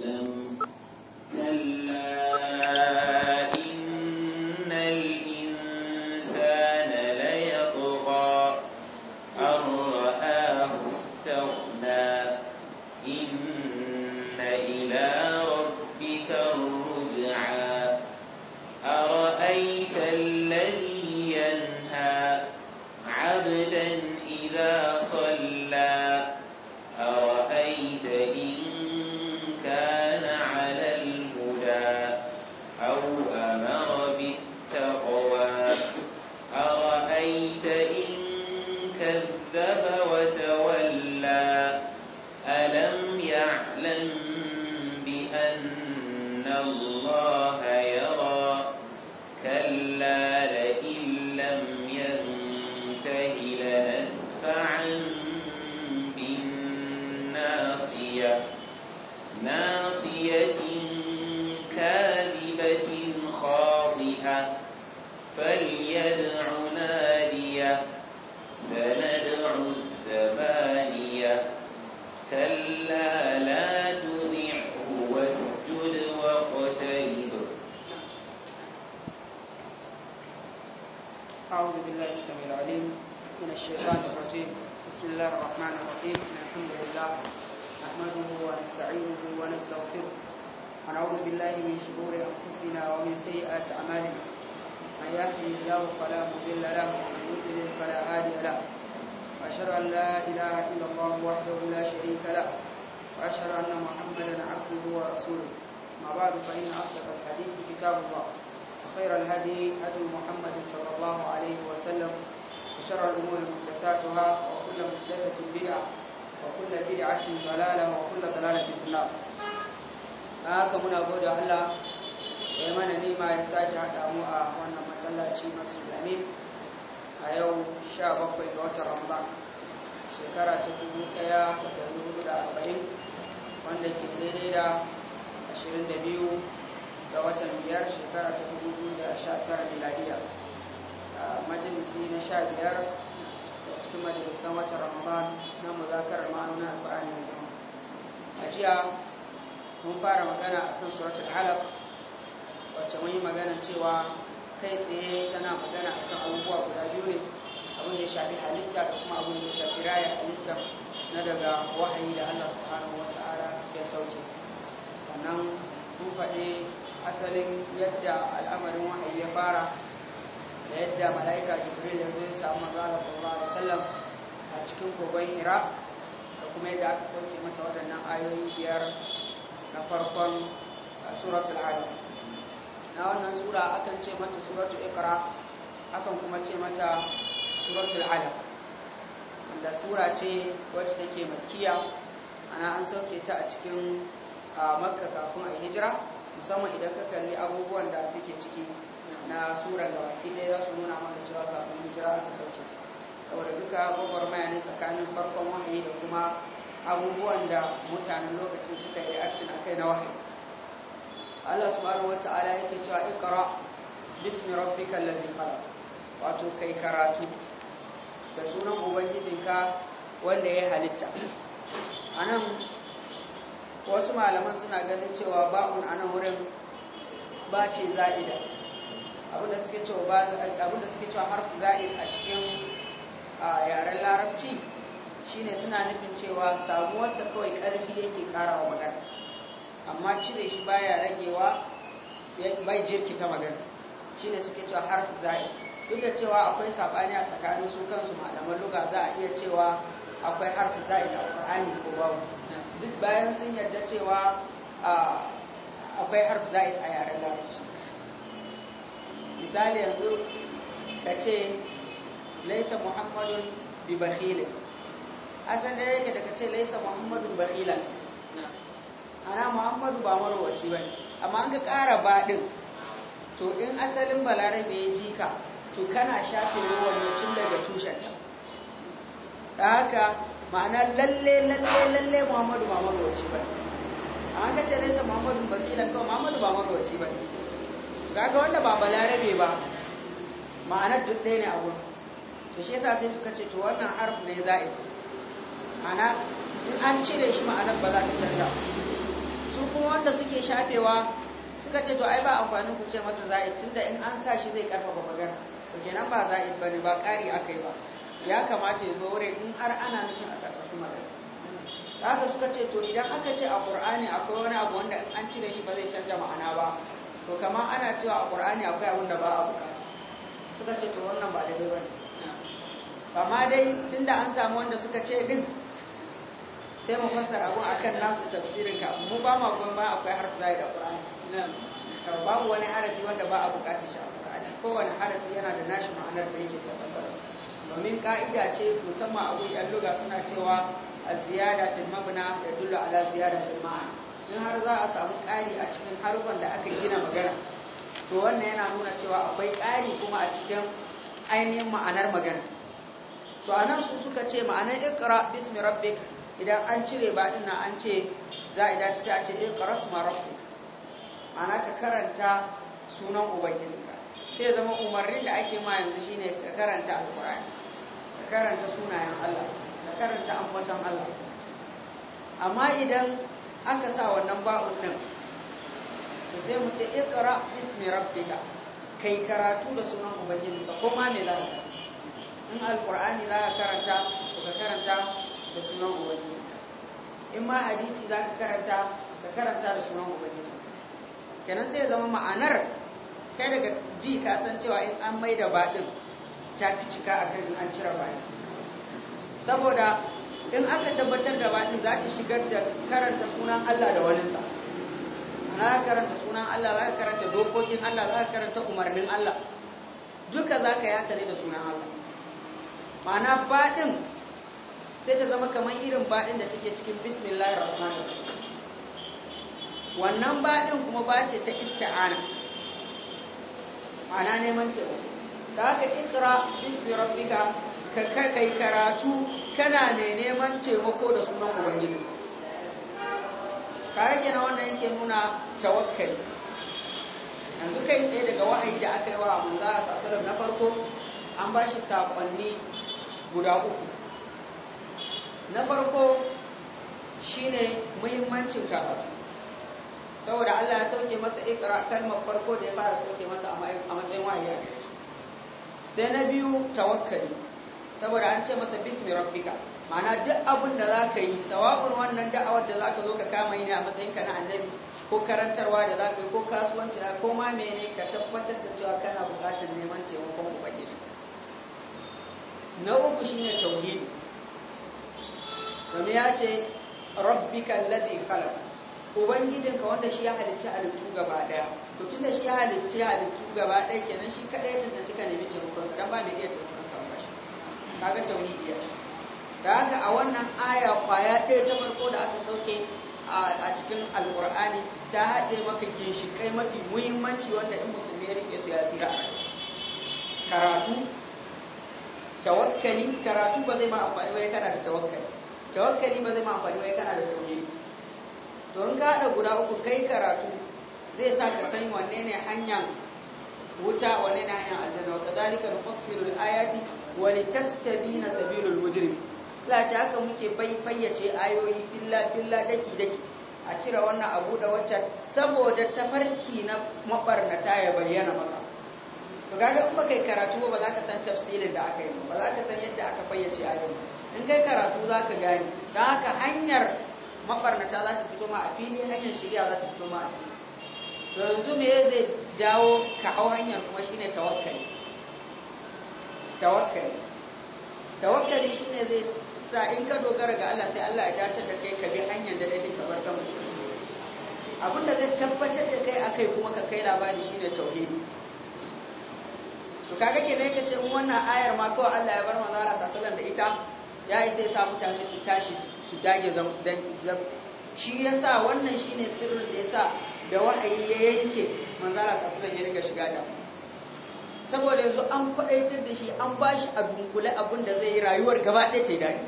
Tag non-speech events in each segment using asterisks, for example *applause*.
لم يهده الله فلا مضل له ومن يضلل فلا هادي له وأشهد أن لا إله إلا الله وحده لا شريك له وأشهد أن محمدا عبده ورسوله ما بعد فإن أصدق الحديث كتاب الله وخير الهدي هدي محمد صلى الله عليه وسلم وشر الأمور محدثاتها وكل محدثة بدعة وكل بدعة ضلالة وكل ضلالة في النار. هذا من أبو الله da ya mana nema ya sake haɗa mu a wannan masallaci masu amin a yau sha bakwai ga watan ramba. shekara ta dubu ɗaya da dubu da arba'in wanda ke daidai da ashirin da biyu ga watan biyar shekara ta dubu biyu da sha tara miladiya a majalisi na sha biyar da cikin majalisan watan ramadan na muzakarar ma'auna alƙa'ani a jiya mun fara magana a akan suratul alaq wacce mun yi magana cewa kai tsaye tana magana a kan abubuwa guda biyu ne abin da ya shafi halitta da kuma abin da ya shafi raya halitta na daga wahayi da Allah subhanahu wa ta'ala ya sauke sannan mun faɗi asalin yadda al'amarin wahayi ya fara da yadda mala'ika jibril ya zo ya samu Allah sallallahu alaihi wasallam a cikin kogon hira da kuma yadda aka sauke masa waɗannan ayoyi biyar na farkon suratul na wannan sura akan ce mata suratul ikra akan kuma ce mata suratul alaq wanda sura ce wacce take makkiya ana an sauke ta a cikin makka kafin a hijira musamman idan ka kalli abubuwan da suke ciki na sura da waki ɗaya za su nuna maka cewa kafin hijira aka sauke ta saboda duka maya ne tsakanin farkon wahayi da kuma abubuwan da mutanen lokacin suka yi aktin a kai na wahayi Allah subhanahu wata'ala yake cewa iqra bismi rabbikal ladhi khalaq wato kai karatu da sunan ubangijinka wanda ya halitta anan wasu malaman suna ganin cewa ba'un anan wurin ba ce za'ida abinda suke cewa ba abinda suke cewa za'id a cikin yaren larabci shine suna nufin cewa samuwarsa kawai karfi yake karawa magana amma cire shi baya ragewa bai jirkita magana Shi ne suke cewa har za'i duk da cewa akwai sabani a tsakanin su kansu malaman luga za a iya cewa akwai har za'i a Qur'ani ko babu duk bayan sun yarda cewa akwai har za'i a yaren larabci misali yanzu ka ce laisa muhammadun bi bakhilin asan da yake da ka ce laisa muhammadun bakhilan ana muhammadu ba marwaci ba ne amma an ga ƙara baɗin to in asalin balarabe ya ji ka to kana shafe ruwan tun daga tushen ta haka ma'ana lalle lalle lalle muhammadu ba marwaci ba ne amma ka ce nesa muhammadu ba kilan kawai muhammadu ba marwaci ba ne su kaga wanda ba balarabe ba ma'anar duk ɗaya ne a wurin to shi yasa sai suka ce to wannan harf ne za'i ma'ana in an cire shi ma'anar ba za ta canza su kuma wanda suke shafewa suka ce to ai ba amfanin ku ce masa za'id tunda in an sa shi zai karfafa magana to kenan ba za'id bane ba ƙari akai ba ya kamata ya zo wurin in har ana nufin a karfafa magana haka suka ce to idan aka ce a Qur'ani akwai wani abu wanda an cire shi ba zai canza ma'ana ba to kamar ana cewa a Qur'ani akwai abin da ba a bukata suka ce to wannan ba daidai bane amma dai tunda an samu wanda suka ce din sai mu fasa abun akan nasu tafsirin ka mu ba ma gon ba akwai harfi zai da Qur'ani babu wani harafi wanda ba a bukatar shi a Qur'ani kowane harafi yana da nashi ma'anar da yake tabbatar domin ka'ida ce musamman abu yan luga suna cewa az-ziyada fil mabna yadullu ala ziyada fil ma'a. in har za a samu ƙari a cikin harfan da aka gina magana to wannan yana nuna cewa akwai ƙari kuma a cikin ainihin ma'anar magana Su anan su suka ce ma'anar ikra bismi rabbika idan an cire ba nan an ce za a dace sai a ce iqra ma rafu ana ka karanta sunan ubangijinka sai zama umarnin da ake ma yanzu shine ka karanta alqur'ani ka karanta sunayen Allah ka karanta ambaton Allah amma idan aka sa wannan ba'un din sai mu ce iqra ismi rabbika kai karatu da sunan ubangijinka ko ma me za ka in alqur'ani za ka karanta ka karanta da sunan ubangiji in ma hadisi za ka karanta ka karanta da sunan ubangiji kenan sai ya zama ma'anar kai daga ji ka san cewa in an mai da baɗin ta fi cika a kan an cire baɗin saboda in aka tabbatar da baɗin za ta shigar da karanta sunan Allah da waninsa za ka karanta sunan Allah za ka karanta dokokin Allah za ka karanta umarnin Allah duka za ka yi ne da sunan Allah ma'ana baɗin sai ta zama kamar irin baɗin da take cikin bismillahir rahmanir wannan baɗin kuma ba ce ta isti'ana ana neman taimako ka ka ikra bismi rabbika ka kai karatu kana mai neman taimako da sunan ubangiji ka rage na wannan yake nuna tawakkali yanzu kai tsaye daga wahayi da aka yi wa manzo sallallahu na farko an ba shi sakonni guda uku na farko shine muhimmancin karatu saboda Allah ya sauke masa ikra kalmar farko da ya fara sauke masa a matsayin wahayi sai na biyu tawakkali saboda an ce masa bismi rabbika ma'ana duk abin da zaka yi sawabin wannan da'awar da zaka zo ka kama yi ne a matsayin ka na annabi ko karantarwa da ka yi ko kasuwanci ko ma mene ka tabbatar da cewa kana buƙatar neman taimakon ubangiji na uku shine tauhidi domin ya ce rabbika alladhi khalaq ka wanda shi ya halicci halittu gaba daya to tunda shi ya halicci halittu gaba daya kenan shi kadai ta tace ka nemi taimakon sa dan ba mai iya taimakon sa ba shi kaga tauhidiya da haka a wannan aya kwaya ɗaya ta farko da aka sauke a cikin alqur'ani ta haɗe maka ginshiƙai mafi muhimmanci wanda in musulmi ya rike su ya tsira a karatu tawakkali karatu ba zai ma amfani ba kana da tawakkali tawakkali ba zai ma wai kana da tsoye don in ka haɗa guda uku kai karatu zai sa ka san wanne ne hanyar wuta wanne ne hanyar aljanna wata dalika wani al-ayati tastabi na sabilul mujrim za ta haka muke fayyace ayoyi billa billa daki daki a cire wannan abu da wacce saboda tafarki na mabarnata ya bayyana maka to ga in kai karatu ba za ka san tafsirin da aka yi ba za ka san yadda aka fayyace ayoyi in kai karatu za ka gani, da haka hanyar mafarnata za ta fito ma a fili hanyar shirya za ta fito ma a fili to yanzu me zai jawo ka hau hanyar kuma shine tawakkali tawakkali tawakkali shine zai sa in ka dogara ga Allah sai Allah ya dace da kai ka bi hanyar da dai ka bar ta abin da zai tabbatar da kai akai kuma ka kai labari shine tauhidi to kaga kenan yake ce wannan ayar ma kawai Allah ya bar manzo Allah sallallahu alaihi wasallam da ita ya isa sai sa mutane su tashi su dage zan shi ya sa wannan shi ne sirrin da ya sa da wa'ayi ya yanke manzara sassanin ya riga shiga da saboda yanzu an faɗaitar da shi an ba shi a dunkule abin da zai yi rayuwar gaba ɗaya ce daɗi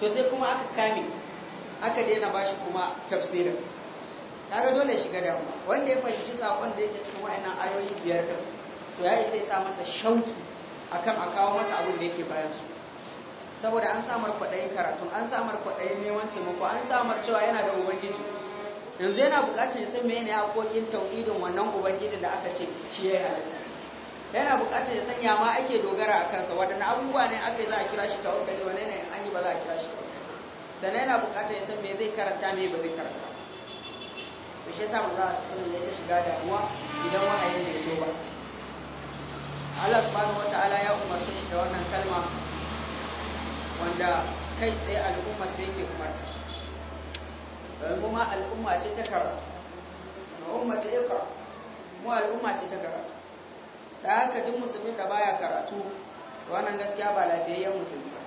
to sai kuma aka kame aka daina ba shi kuma tafsirin Ta ga dole shiga da wanda ya fahimci sakon da yake cikin wa'annan ayoyi biyar din to ya isa ya sa masa shauki akan a kawo masa abin da yake bayan su saboda an samar kwaɗayin karatu an samar kwaɗayin neman taimako an samar cewa yana da ubangiji yanzu yana buƙatar ya san mene haƙoƙin tauhidin wannan ubangiji da aka ce shi ya halitta yana buƙatar ya san ya ma ake dogara a kansa waɗanne abubuwa ne aka za a kira shi tawakkali wani ne an yi ba za a kira shi sannan yana buƙatar ya san me zai karanta me ba zai karanta to shi yasa za a sallallahu alaihi ya ta shiga damuwa idan wahayi ne so ba Allah subhanahu ta'ala ya umarci shi da wannan kalma wanda kai tsaye al'umma sai ke umarta kuma al'umma ce ta kara al'umma ta kara mu al'umma ce ta kara da haka duk musulmi ka baya karatu wannan gaskiya ba lafiyayyen musulmi ba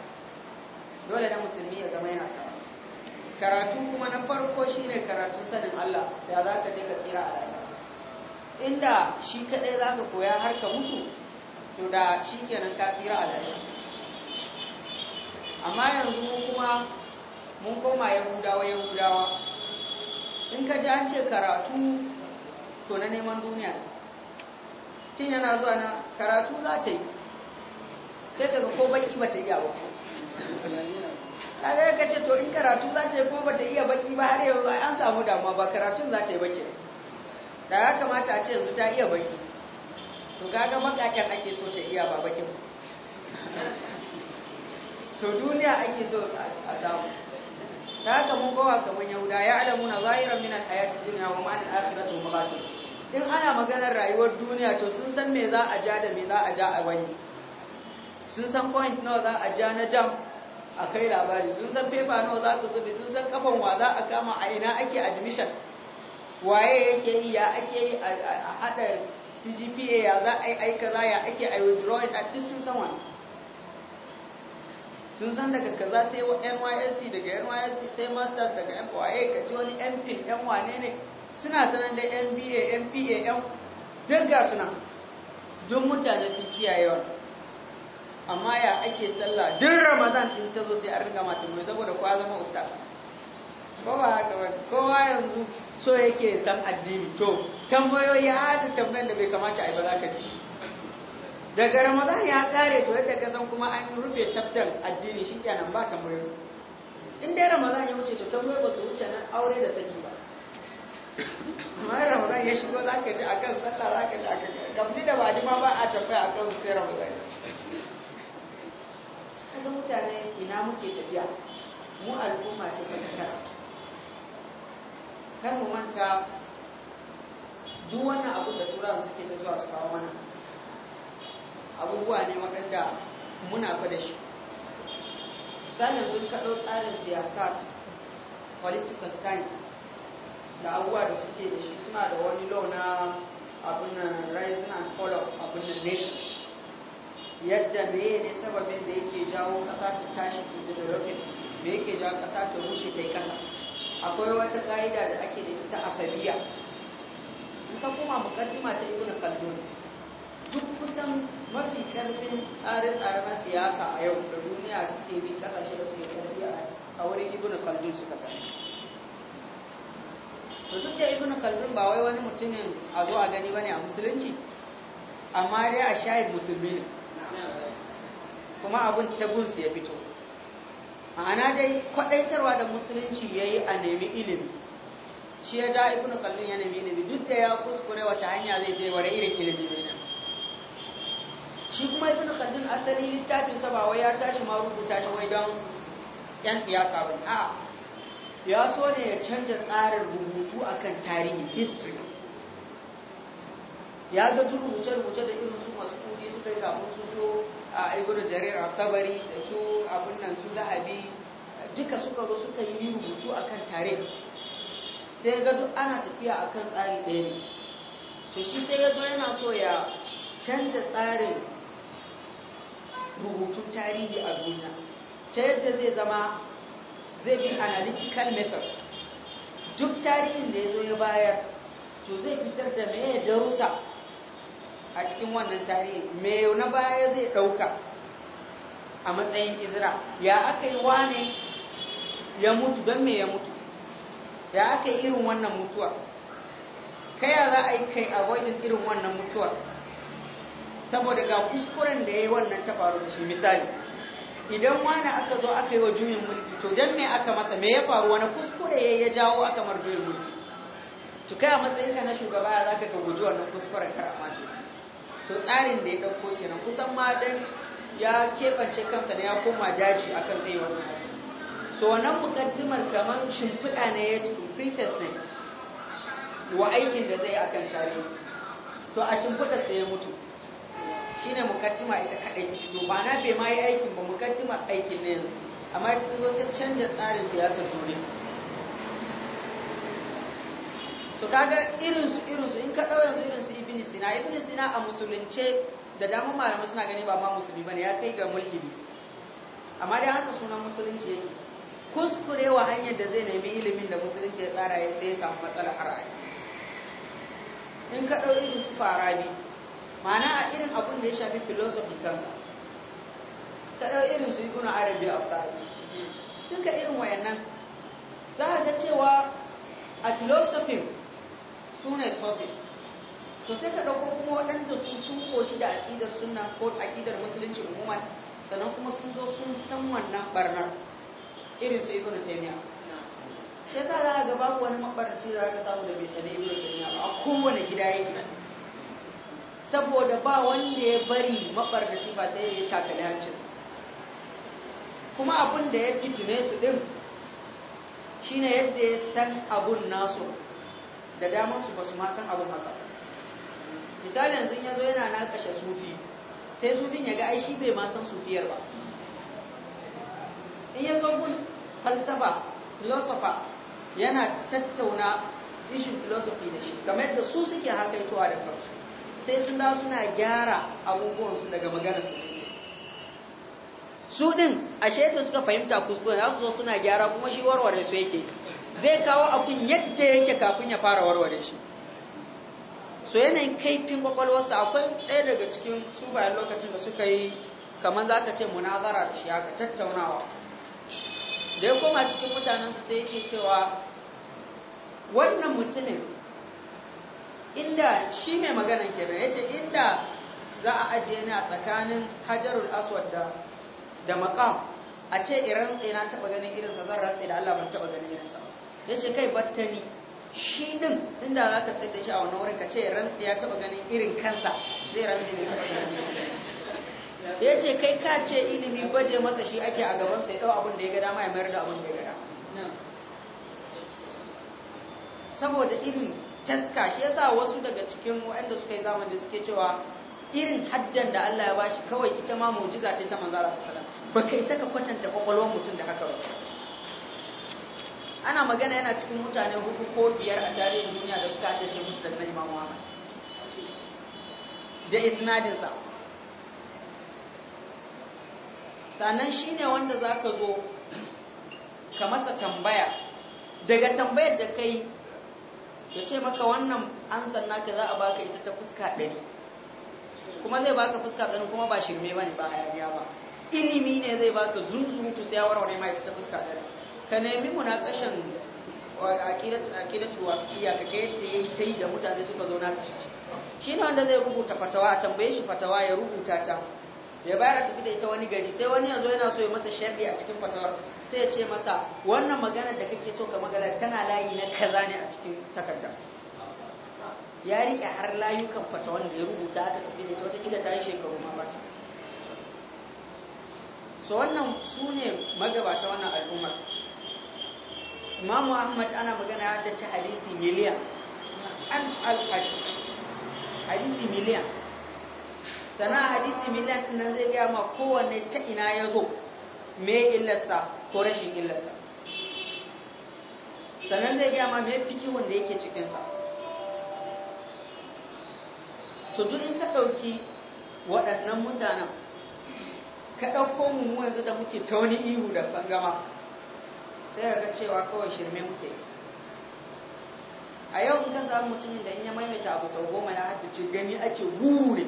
dole na musulmi ya zama yana karatu karatu kuma na farko shine karatu sanin Allah da za ka je ka tsira a rayuwa inda shi kadai za ka koya har ka mutu to da shi kenan ka tsira a rayuwa amma yanzu mu kuma mun koma yahudawa yahudawa in ka ji an ce karatu to na neman duniya cin yana zuwa na karatu za ta yi sai ka ga ko baki ba ta iya ba kaga ka ce to in karatu za ta yi ko ba ta iya baki ba har yanzu an samu damuwa ba karatun za ta yi baki da ya kamata a ce yanzu ta iya baki to kaga makakin ake so ta iya ba bakin to duniya ake so a samu ta haka mun kowa kaman yahuda ya alamu na zahiran min alhayati dunya wa ma'an akhiratu maqatil in ana maganar rayuwar duniya to sun san me za a ja da me za a ja a wani sun san point nawa za a ja na jam a kai labari sun san pepa nawa za ka zubi sun san kafan wa za a kama a ina ake admission waye yake yi ya ake yi a hada CGPA ya za a yi aika za ya ake a it a duk sun san wani sun san daga kaza sai NYSC daga NYSC sai masters daga MYA ka ji wani MPhil ɗan wane ne suna sanar da MBA MPA ɗan daga suna don mutane sun kiyaye wannan amma ya ake sallah din ramadan din ta zo sai an riga mata mai saboda kwa zama ustaz ko ba haka ba kowa yanzu so yake san addini to tambayoyi har da tambayar da bai kamata a yi ba za ka ci daga ramadan ya kare to yadda ka kuma an rufe chapter addini shi kenan ba tambayoyi in dai ramadan ya wuce to tambayoyi ba su wuce nan aure da saki ba amma ramadan ya shigo za ka ji a kan sallah za ka ji a kan gamdi da baji ma ba a tambaya a kan sai ramadan kaga mutane ina muke tafiya mu al'umma ce ta kakara kar mu manta duk wannan abu da turawa suke ta zuwa su kawo mana abubuwa ne waɗanda muna fa da shi sannan sun kaɗo tsarin siyasat political science da abubuwa da suke da shi suna da wani law na abin nan rising and fall of abin nan nations yadda me ne sababin da yake jawo ƙasa ta tashi ke da rocket me yake jawo ƙasa ta rushe ta yi ƙasa akwai wata ƙa'ida da ake da ita asabiya in ka koma mukaddima ta ibnu khaldun duk kusan mafi karfin tsare-tsare na siyasa a yau da duniya suke bi kasashe da suke karfi a wurin ibn kaldun suka sani to duk da ibn kaldun ba wai wani mutumin a zo a gani bane a musulunci amma dai a shahid musulmi ne kuma abin tagunsu ya fito ma'ana dai kwadaitarwa da musulunci ya yi a nemi ilimi shi ya ja ibn kaldun ya nemi ilimi duk da ya kuskure wata hanya zai je wani irin ilimi ne shi kuma ibn khaldun asali littafin sa ba wai ya tashi ma rubuta shi wai don yan siyasa ba a ya so ne ya canza tsarin rubutu akan tarihi history ya ga duk rubuce-rubuce da irin su masu kudi suka yi kafin su so a ibn jarir al da su abin nan su zahabi duka suka zo suka yi rubutu akan tarihi sai ga duk ana tafiya akan tsari ɗaya ne to shi sai ya zo yana so ya canza tsarin rubutun tarihi a duniya ta yadda zai zama zai bi analytical methods duk tarihin da ya zo ya bayar to zai fitar da mai darusa a cikin wannan tarihi mai na baya zai ɗauka a matsayin izra ya aka yi wane ya mutu don me ya mutu ya aka yi irin wannan mutuwa kai ya za a yi kai a wajen irin wannan mutuwar saboda ga kuskuren da ya yi wannan ta faru da shi misali idan wani aka zo aka yi wa juyin mulki to don me aka masa me ya faru wani kuskure ya ya jawo aka mar juyin mulki to kai a matsayin ka na shugaba ya zaka ka guji wannan kuskuren kar mace so tsarin da ya dauko kenan kusan ma dan ya kebance kansa da ya koma daji akan sai wannan so wannan mukaddimar kamar shimfiɗa ne ya preface ne wa aikin da zai akan tare to a shimfiɗa sai ya mutu ne mukaddima ita kadai to ba na bai ma yi aikin ba mukaddima aikin ne amma ita zo ta canza tsarin siyasar duniya so kaga irinsu irinsu in ka dau yanzu irinsu ibini sina ibini sina a musulunce da dama malamai suna gani ba ma musulmi bane ya kai ga mulhidi amma dai hasa sunan musulunci yake kuskurewa hanyar da zai nemi ilimin da musulunci ya tsara ya sai ya samu matsala har a in ka ɗau irinsu fara farabi ma'ana a irin abin da ya shafi philosophy kansa ta ɗau irin su yi kuna arabi a fari duka irin wayannan za a ga cewa a philosophy su ne sources to sai ka ɗauko kuma waɗanda su sun koshi da aƙidar sunna ko aƙidar musulunci umuman sannan kuma sun zo sun san wannan barnar irin su ibnu taymiya Ya sa za a ga babu wani mabarci da aka ka samu da bai sani ibnu taymiya ba a kowane gida yake saboda ba wanda ya bari da shi ba sai ya takali hancinsa kuma abin da ya fitine su ɗin shine yadda ya san abun nasu da damansu ba su ma san abun haka sun yanzu yana na kashe sufi sai sufin ya ga aishi bai ma san sufiyar ba in ya zo falsafa philosopher yana tattauna ishin philosophy da shi kamar yadda su suke hakaitowa da kansu sai sun da suna gyara abubuwansu daga magana su su din ashe da suka fahimta kuskure za su zo suna gyara kuma shi warware su yake zai kawo abun yadda yake kafin ya fara warware shi so yanayin kaifin kwakwalwarsa akwai ɗaya daga cikin sufayen lokacin da suka yi kamar za ka ce munazara da shi haka tattaunawa da ya koma cikin mutanensu sai yake cewa wannan mutumin inda shi mai magana kenan ce inda za a ajiye ni a tsakanin hajarul aswad da da maqam a ce iran ina taba ganin irin sa zan rantsa da Allah ban taba ganin irin sa ya ce kai battani shi din inda za ka tsaye da shi a wannan wurin ka ce ran ya taba ganin irin kansa zai rantsa ne ya ce kai ka ce ilimi baje masa shi ake a gaban ya dau abin da ya ga dama ya mayar da abin da ya ga saboda ilimi taska shi yasa wasu daga cikin waɗanda suka yi zamani suke cewa irin haddan da Allah ya bashi kawai ita ma mu'jiza ce ta manzara sallallahu alaihi wasallam baka isa ka kwatanta kwakwalwar mutum da haka ba ana magana yana cikin mutane hudu ko biyar a tarihin duniya da suka haddace musu na imamu Muhammad da isnadin sa sannan shine wanda zaka zo ka masa tambaya daga tambayar da kai ya ce maka wannan amsar naka za a baka ita ta fuska ɗari kuma zai baka fuska ɗari kuma ba shirme ba ne ba hayaniya ba ilimi ne zai baka zunzuntu sai ya warware ma ita ta fuska ɗari ka nemi ƙashin akidatu wasiya ka kai yadda ya yi ta yi da mutane suka zo na kashi shi ne wanda zai rubuta fatawa a tambaye shi fatawa ya rubuta ta ya bayar a tafi da ita wani gari sai wani yanzu yana so ya masa sharri a cikin fatawar sai ya ce masa wannan maganar da kake so ka magana tana layi na kaza ne a cikin takarda ya rike har layukan fata wanda ya rubuta aka tafi da wata kila ta yi shekaru ma ba ta so wannan su ne magabata wannan al'ummar imamu ahmad ana magana ya dace hadisi miliyan an al-hadisi hadisi miliyan sana hadisi miliyan nan zai gaya ma kowanne ta ina ya zo me illarsa ko rashin illarsa sannan zai gaya ma me fikihun da yake cikinsa Su duk in ka ɗauki waɗannan mutanen ka ɗauko mu yanzu da muke ta wani ihu da tsangama, sai ga cewa kawai shirme muke a yau in ka samu mutumin da in ya maimaita abu sau goma ya haddace gani ake wuri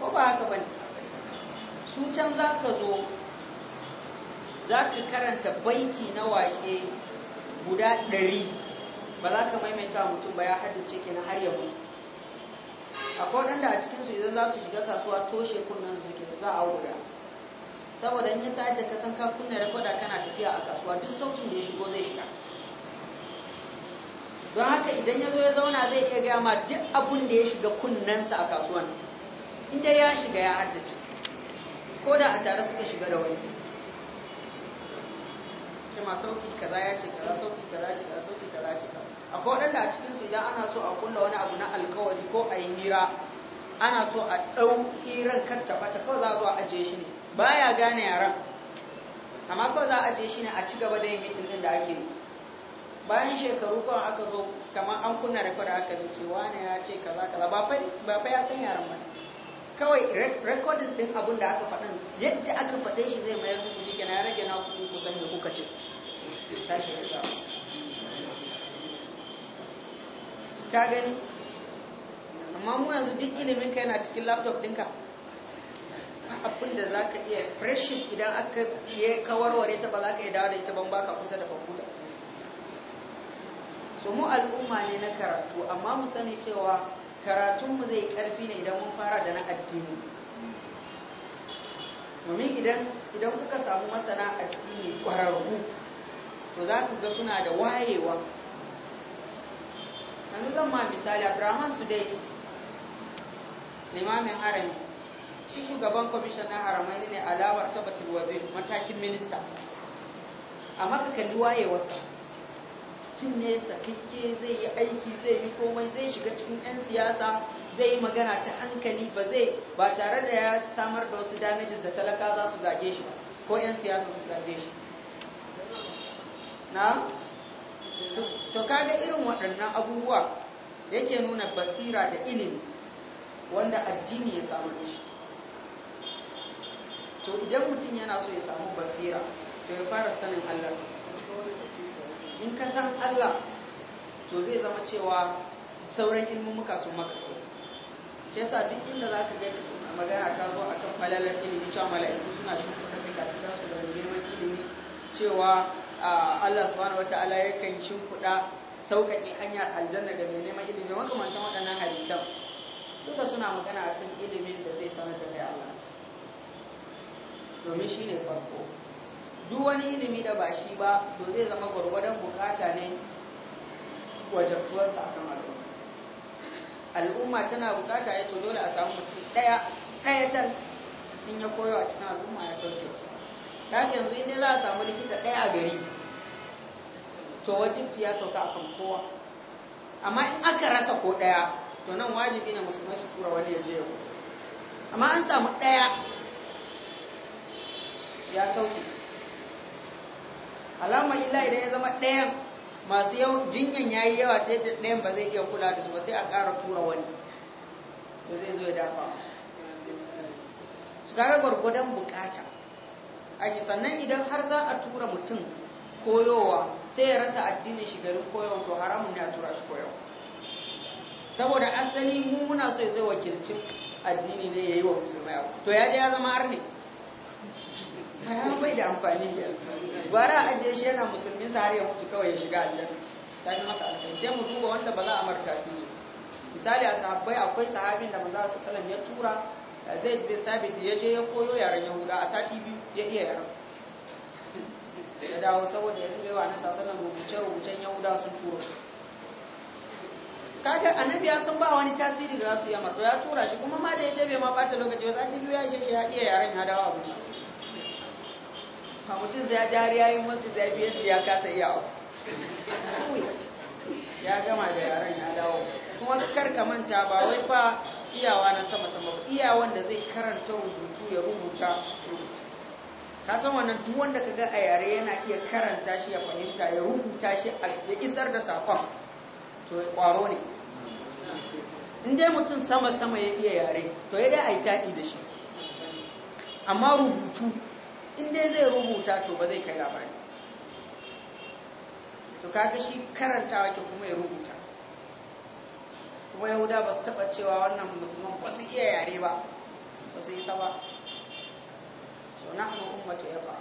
ko ba haka bane su can za ka zo za ka karanta baiti na waƙe guda ɗari ba za ka maimaita mutum ba ya haddace ke na har yamu akwai waɗanda a cikinsu idan za su shiga kasuwa toshe kunnen su ke su sa a wuya saboda in sa'ad da ka san ka kunna rikoda, kana tafiya a kasuwa duk sautin da ya shigo zai shiga don haka idan ya zo ya zauna zai iya gaya ma duk abun da ya shiga kunnensa a kasuwan inda ya shiga ya haddace ko da a tare suka shiga da wani ce ma sauti kaza ya ce kaza sauti kaza ce kaza sauti kaza ce kaza akwai wadanda a cikin su idan ana so a kulla wani abu na alkawari ko a yi hira ana so a ɗau hiran kar ta bata kawai za a zo a ajiye shi ne baya gane yaran amma kawai za a ajiye shi ne a ci gaba da yin mitin ɗin da ake yi bayan shekaru kawai aka zo kamar an kunna rekwada aka ce wane ya ce kaza kaza ba fa ya san yaran ba kawai rekodin ɗin abin da aka faɗin yadda aka faɗe shi zai mayar da shi gina ya rage na kusan da kuka ce Ta gani amma mu yanzu duk ilimin ka yana cikin laptop ɗinka abin da za ka iya spreadsheet idan aka yi kawarware ta ba za ka iya dawa da ita ban baka kusa da kwamfuta so mu al'umma ne na karatu amma mu sani cewa karatunmu zai karfi ne idan mun fara da na addini domin idan kuka samu masana addini ƙwararru to za ku ga suna da wayewa yanzu zan ma misali abraman sudais limamin harami shi shugaban kwamishin na haramai ne alamar tabbatin wazir matakin minista amma ka kalli wayewarsa mutum ne sakakke zai yi aiki zai yi komai zai shiga cikin 'yan siyasa zai yi magana ta hankali ba zai ba tare da ya samar da wasu damages da talaka za su zage shi ko 'yan siyasa su zage shi na? to kaga irin waɗannan abubuwa yake nuna basira da ilimi wanda addini ya samu shi to idan mutum yana so ya samu basira to ya fara sanin Allah in ka san Allah to zai zama cewa sauran ilmumuka sun maka sauki shi yasa duk inda za ka ga magana ta zo akan falalar ilimi cewa mala'iku suna shuka kafin su da girman ilimi cewa Allah subhanahu wataala yakan shimfiɗa sauƙaƙe hanya, aljanna ga mai neman ilimi makamantan waɗannan hadisan duka suna magana akan ilimin da zai sanar da kai Allah domin ne farko duk wani ilimi da ba shi ba to zai zama gwargwadon bukata ne wajabtuwarsa akan al'umma al'umma tana bukata ya to dole a samu mutum ɗaya ɗaya dan in ya koyo a cikin al'umma ya sauke su da haka yanzu inda za a samu likita ɗaya gari to wajibci ya sauka a kan kowa amma in aka rasa ko ɗaya to nan wajibi na musulmai su tura wani ya je ya amma an samu ɗaya ya sauke alama illa idan ya zama ɗayan masu yau jinyan ya yi yawa ta yadda ɗayan ba zai iya kula da su ba sai a ƙara tura wani da zai zo ya dafa su kaga gwargwadon bukata ake sannan idan har za a tura mutum koyowa sai ya rasa addinin shi garin koyon to haramun ne tura shi koyon saboda asali mu muna so ya zai wakilcin addini ne ya yi wa musulmai to ya je ya zama har ne bai da amfani ke gwara a ajiye shi yana musulmi sa har ya mutu kawai ya shiga aljanna ta yi masa alkai sai mu duba wanda ba za a marta su ne misali a sahabbai akwai sahabin da maza su salam ya tura zai bin sabit ya je ya koyo yaren yahuda a sati biyu ya iya yaren ya dawo saboda ya dinga yawa na sasanan rubuce-rubucen yahuda sun tura. kaga annabi ya ba wani tasiri da za su yi masa ya tura shi kuma ma da ya je bai ma bata lokaci ba sati biyu ya je ya iya yaren ya dawo abuja mutum zai dariya yi masu zafiyar ya kasa yawa ya gama da yaran ya dawo kuma kar ka manta ba wai fa iyawa na sama sama ba iyawan da zai karanta rubutu ya rubuta ka san wannan duk wanda kaga a yare yana iya karanta shi ya fahimta ya rubuta shi ya isar da sakon, to ya kwaro ne in dai mutum sama sama ya iya yare to ya dai a yi taɗi da shi amma rubutu in dai zai rubuta to ba zai kai labari to kaga shi karantawa ke kuma ya rubuta kuma yahuda ba su taɓa cewa wannan musulman ba su iya yare ba ba su isa ba so na al'umma ta yaba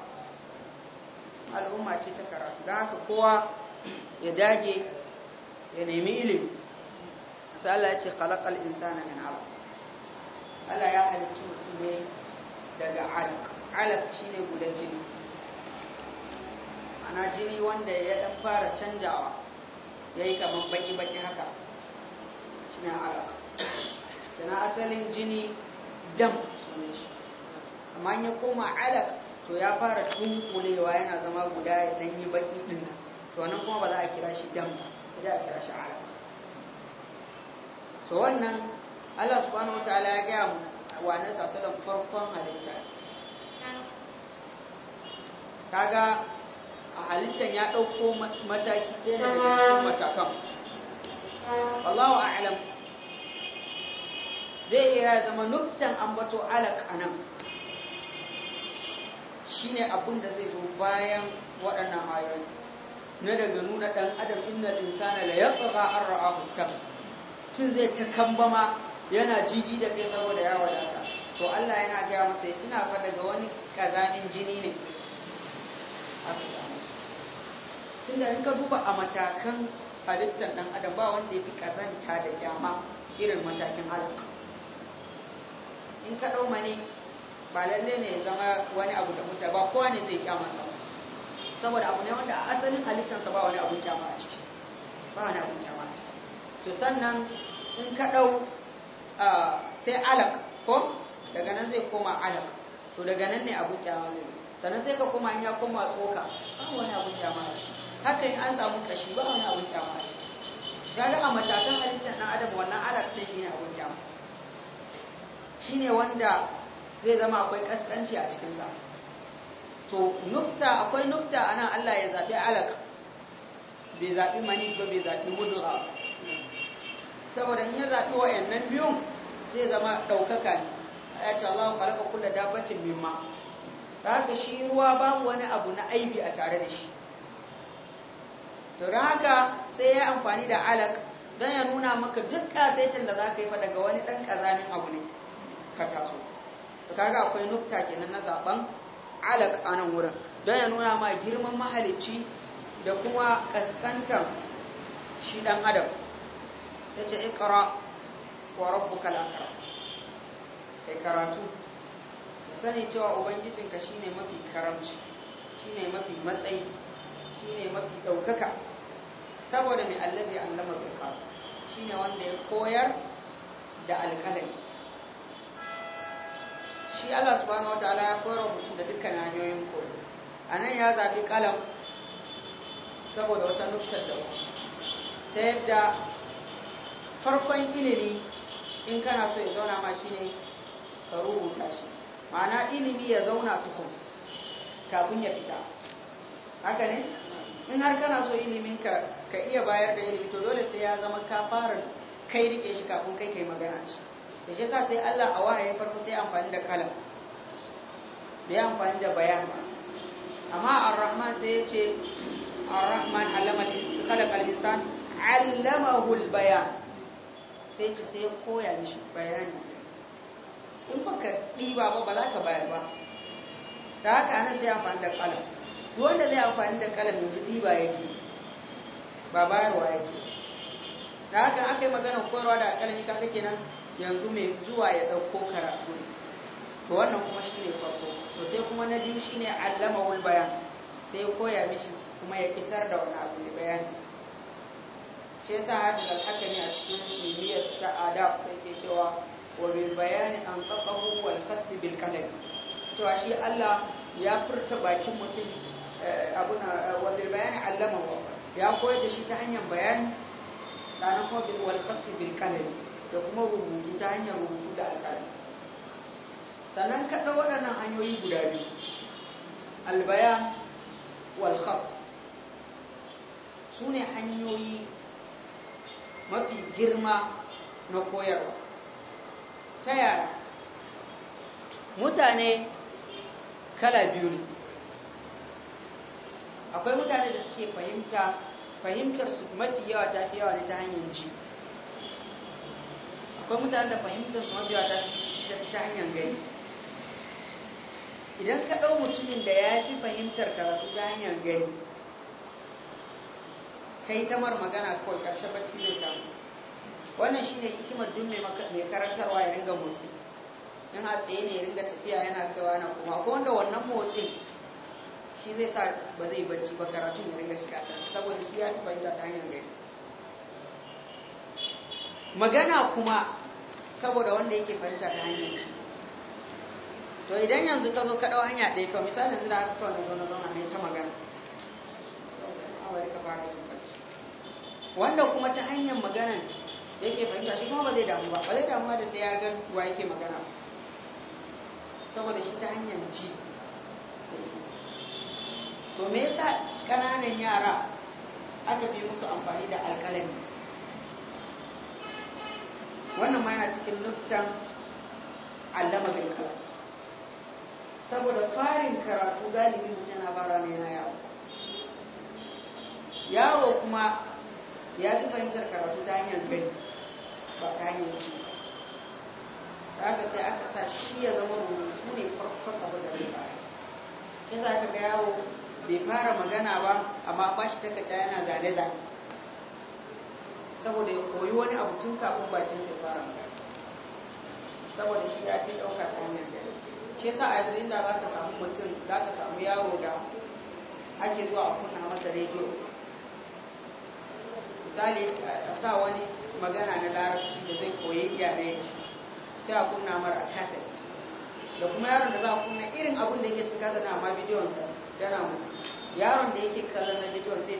al'umma ce ta karatu don haka kowa ya dage ya nemi ilimi sai Allah ya ce khalaqal insana min alaq Allah ya halicci mutum ne daga alaq alaf shine gudan jini ana jini wanda ya dan fara canjawa yayi kamar baki baki haka shine alaf kana asalin jini dam sunan shi amma ya koma alaf to ya fara tunkulewa yana zama guda ya dan yi baki din nan to nan kuma ba za a kira shi dam ba za a kira shi alaf so wannan Allah subhanahu wataala ya ga wa nasa sallan farkon halitta kaga a halittan ya ɗauko mataki ɗaya daga cikin matakan wallahu a'lam zai iya zama nuktan ambato alaq anan shine abin da zai zo bayan waɗannan ayoyi na daga nuna ɗan adam innal insana la yatgha an ra'a fuskar tun zai ta kambama yana jiji da kai saboda ya wadata to Allah yana gaya masa ya tuna fa daga wani kazanin jini ne tunda in ka duba a matakan halittar ɗan adam ba wanda ya fi karanta da kyama irin matakin halak in ka ɗau mani ba lalle ne ya zama wani abu da mutu ba kowa ne zai kyama sa saboda abu ne wanda a asalin halittarsa ba wani abun kyama a ciki ba wani abun kyama a ciki so sannan in ka ɗau sai alak ko daga nan zai koma alak to daga nan ne abu kyama zai sannan sai ka koma in ya koma tsoka ba wani abin kyama a ciki hakan an samu kashi ba wani abin kyama a ciki da a matakan halittar na adam wannan ta shi ne abin kyama ne wanda zai zama akwai kaskanci a cikinsa to nukta akwai nukta ana Allah ya zaɓi alaƙa bai zaɓi mani ba bai zaɓi mudura saboda in ya zaɓi wa'annan biyun zai zama ɗaukaka ne ya ce Allah khalaqa kulla dabatin mimma haka shi ruwa babu wani abu na aibi a tare da shi to haka sai ya amfani da alak don ya nuna maka duk ƙasaitin da za ka yi fa daga wani ɗan ƙazamin abu ne ka taso to kaga akwai nukta kenan na zaben alak a nan wurin don ya nuna ma girman mahalicci da kuma kaskantar shi ɗan adam sai ce ikara wa rabbukal akram kai karatu sani cewa ubangijinka shine mafi karamci shine mafi matsayi shine mafi ɗaukaka saboda mai allazi allama shi shine wanda ya koyar da alkalami shi Allah subhanahu wataala ya koyar wa mutum da dukkan hanyoyin koyo anan ya zabi kalam saboda wata nuktar da ta yadda farkon ilimi in kana so ya zauna ma shine ka rubuta shi ma'ana ilimi ya zauna tukun kafin ya fita haka ne in har kana so ilimin ka ka iya bayar da ilimi to dole sai ya zama ka fara kai rike shi kafin kai kai magana shi da shi yasa sai Allah a wahayin farko sai amfani da kalam da ya amfani da bayan amma ar-rahman sai ya ce ar-rahman allama khalaqa al-insan allamahu al-bayan sai ce sai koya mishi bayani in baka ɗiba ba ba za ka bayar ba da haka ana sai amfani da kalam wanda zai amfani da kalam yanzu ɗiba yake ba bayarwa yake da haka aka yi maganar koyarwa da kalami ka take nan yanzu mai zuwa ya ɗauko karatu to wannan kuma shi ne farko to sai kuma na biyu shi ne allama wul bayan sai ya koya mishi kuma ya isar da wani abu ya bayani shi yasa da haka ne a cikin ilmiyar ta adab ke cewa wa bil bayani an tsaqahu wal fath bil kalam cewa shi Allah ya furta bakin mutum abuna wa bil bayani allamahu ya koyar da shi ta hanyar bayani sanan ko bil wal fath bil kalam da kuma rubutu ta hanyar rubutu da alƙalami sannan kaɗa waɗannan hanyoyi guda biyu albaya walhaf su ne hanyoyi mafi girma na koyarwa ta yara mutane kala biyu ne akwai mutane da suke fahimta fahimtar su mafi yawa ta fi yawa ne ta hanyar ji akwai mutane da fahimtar su mafi yawa ta ta hanyar gani idan ka ɗau mutumin da ya fi fahimtar karatu ta hanyar gani ta tamar magana kawai ƙarshen bacci zai kamu wannan shi ne hikimar duk mai karantarwa ya ringa motsi in a tsaye ne ya ringa tafiya yana kaiwa na kuma ko wanda wannan motsin shi zai sa ba zai bacci ba karatu ya ringa shiga ta saboda shi ya fahimta ta hanyar gari magana kuma saboda wanda yake fahimta ta hanyar gari to idan yanzu ka zo ka ɗau hanya ɗaya kawai misali yanzu da haka kawai na zo na zauna na ta magana wanda kuma ta hanyar maganan yake fahimta shi kuma ba zai damu ba ba zai damu da sai ya ga wa yake magana saboda shi ta hanyar ji to me yasa ƙananan yara aka fi musu amfani da alkalami wannan ma yana cikin nuktan allama bin saboda farin karatu galibi mutum yana bara ne na yawo yawo kuma ya fi fahimtar karatu ta hanyar gani ba ta hanyar ba ta sai aka sa shi ya zama rubutu ne farkon abu da ba. baya ya za ka ga yawo bai fara magana ba amma ba shi takarda yana zane-zane saboda ya koyi wani abu tun kafin bakin sai fara magana saboda shi ya fi ɗauka ta hanyar gani shi sa a yanzu inda za ka samu mutum za ka samu yawo da ake zuwa a kunna masa rediyo misali a sa wani magana na larabci da zai koyi yare da shi sai a kunna mara a kaset da kuma yaron da za kunna irin abin da yake su kaza na ma sa yana mutu yaron da yake kallon na bidiyon sai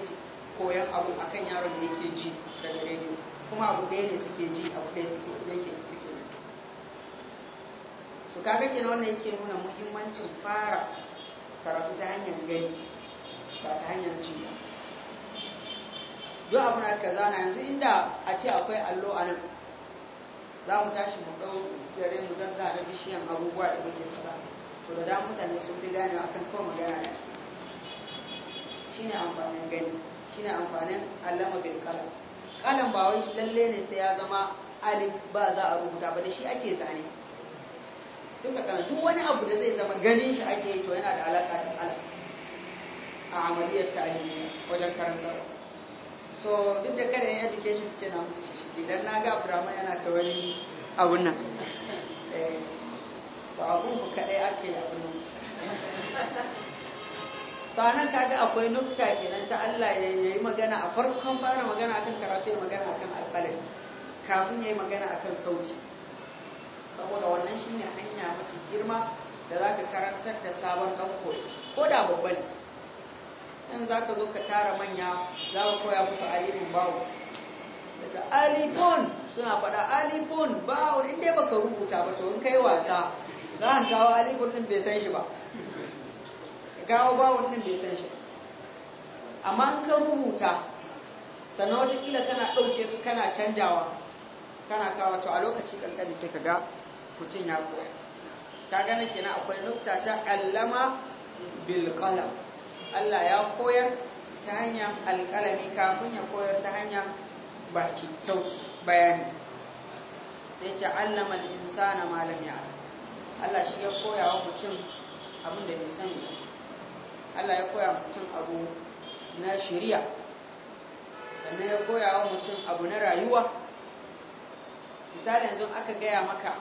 koyan abu akan yaron da yake ji daga rediyo kuma abu ɗaya ne suke ji abu ɗaya suke yake suke ne su kaga kenan wannan yake nuna muhimmancin fara karatu ta hanyar gani ba ta hanyar ji duk abin da ka zana yanzu inda a ce akwai allo a nan za mu tashi mu ɗau gare mu zanta da bishiyan abubuwa da muke kasa to da dama mutane sun fi gane akan kawai magana da shi ne amfanin gani shi ne amfanin allama bil kalam kalam ba wai lalle ne sai ya zama alif ba za a rubuta ba da shi ake zane duka kan duk wani abu da zai zama ganin shi ake yi to yana da alaƙa da kalam a amaliyar ta'alimi wajen karantarwa so duk da kada education ce na musu shi don na ga abdurrahman yana ta wani abun nan eh, ba abun ku kaɗai ake abun nan anan kaga akwai nukta kenan ta Allah ya yi magana a farkon fara magana akan karatu ya magana akan alƙalami kafin ya yi magana akan sauti saboda wannan shine hanya mafi girma da za ka karantar da sabon ɗan koda ko da babba ne in za ka zo ka tara manya za ka koya musu alifin bawo ta alifon suna faɗa alifon bawo in ba ka rubuta ba to in kai wasa za ka kawo alifon ɗin bai san shi ba gawo bawo ɗin bai san shi amma in ka rubuta sannan watakila kana ɗauke su kana canjawa kana kawo to a lokaci ƙanƙani sai ka ga kucin ya koya ta gane kenan akwai nukta ta allama qalam Allah ya koyar ta hanyar alƙalami kafin ya koyar ta hanyar baki sauki bayani sai ce allama al malam ma Allah shi ya koya wa mutum abin da bai sani Allah ya koya mutum abu na shari'a sannan ya koya wa mutum abu na rayuwa misali yanzu aka gaya maka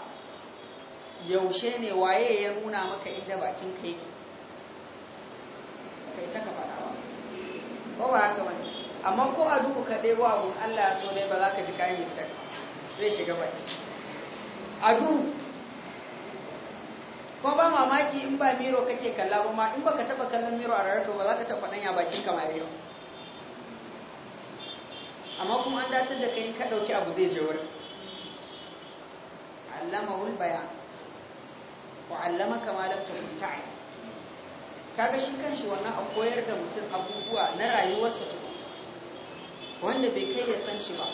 yaushe ne waye ya nuna maka inda bakin kai yake kai saka faɗa ko ba haka bane amma ko a duhu ka ɗebo abun Allah so ne ba za ka ji kayan mistake zai shiga baki a duhu ko ba mamaki in ba miro kake kalla ba ma in baka taɓa kallon miro a rayuwarka ba za ka taɓa danya bakin ka mare amma kuma an datar da kai ka ɗauki abu zai je wurin hul bayan wa allama kama lam takun ta'lam kaga shi kan shi wannan a koyar da mutum abubuwa na rayuwarsa wanda bai kai ya san shi ba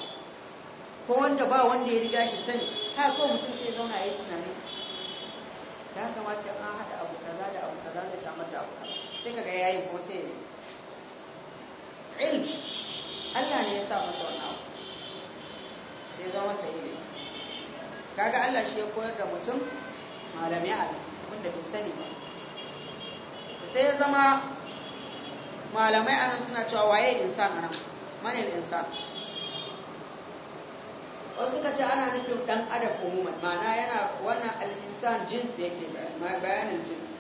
ko wanda ba wanda ya riga shi sani ka ko mutum sai zauna ya yi tunani ya kamata an haɗa abu kaza da abu kaza zai samar da abu sai kaga yayi ko sai ya Ilmi Allah ne ya sa masa wannan abu sai zama masa ilimi kaga Allah shi ya koyar da mutum malamai a wanda bai sani ba sai ya zama malamai a suna cewa waye insan a nan manil insan wasu suka ce ana nufin dan adam umuman ma'ana yana wannan al'insan jinsi yake bayanin jinsi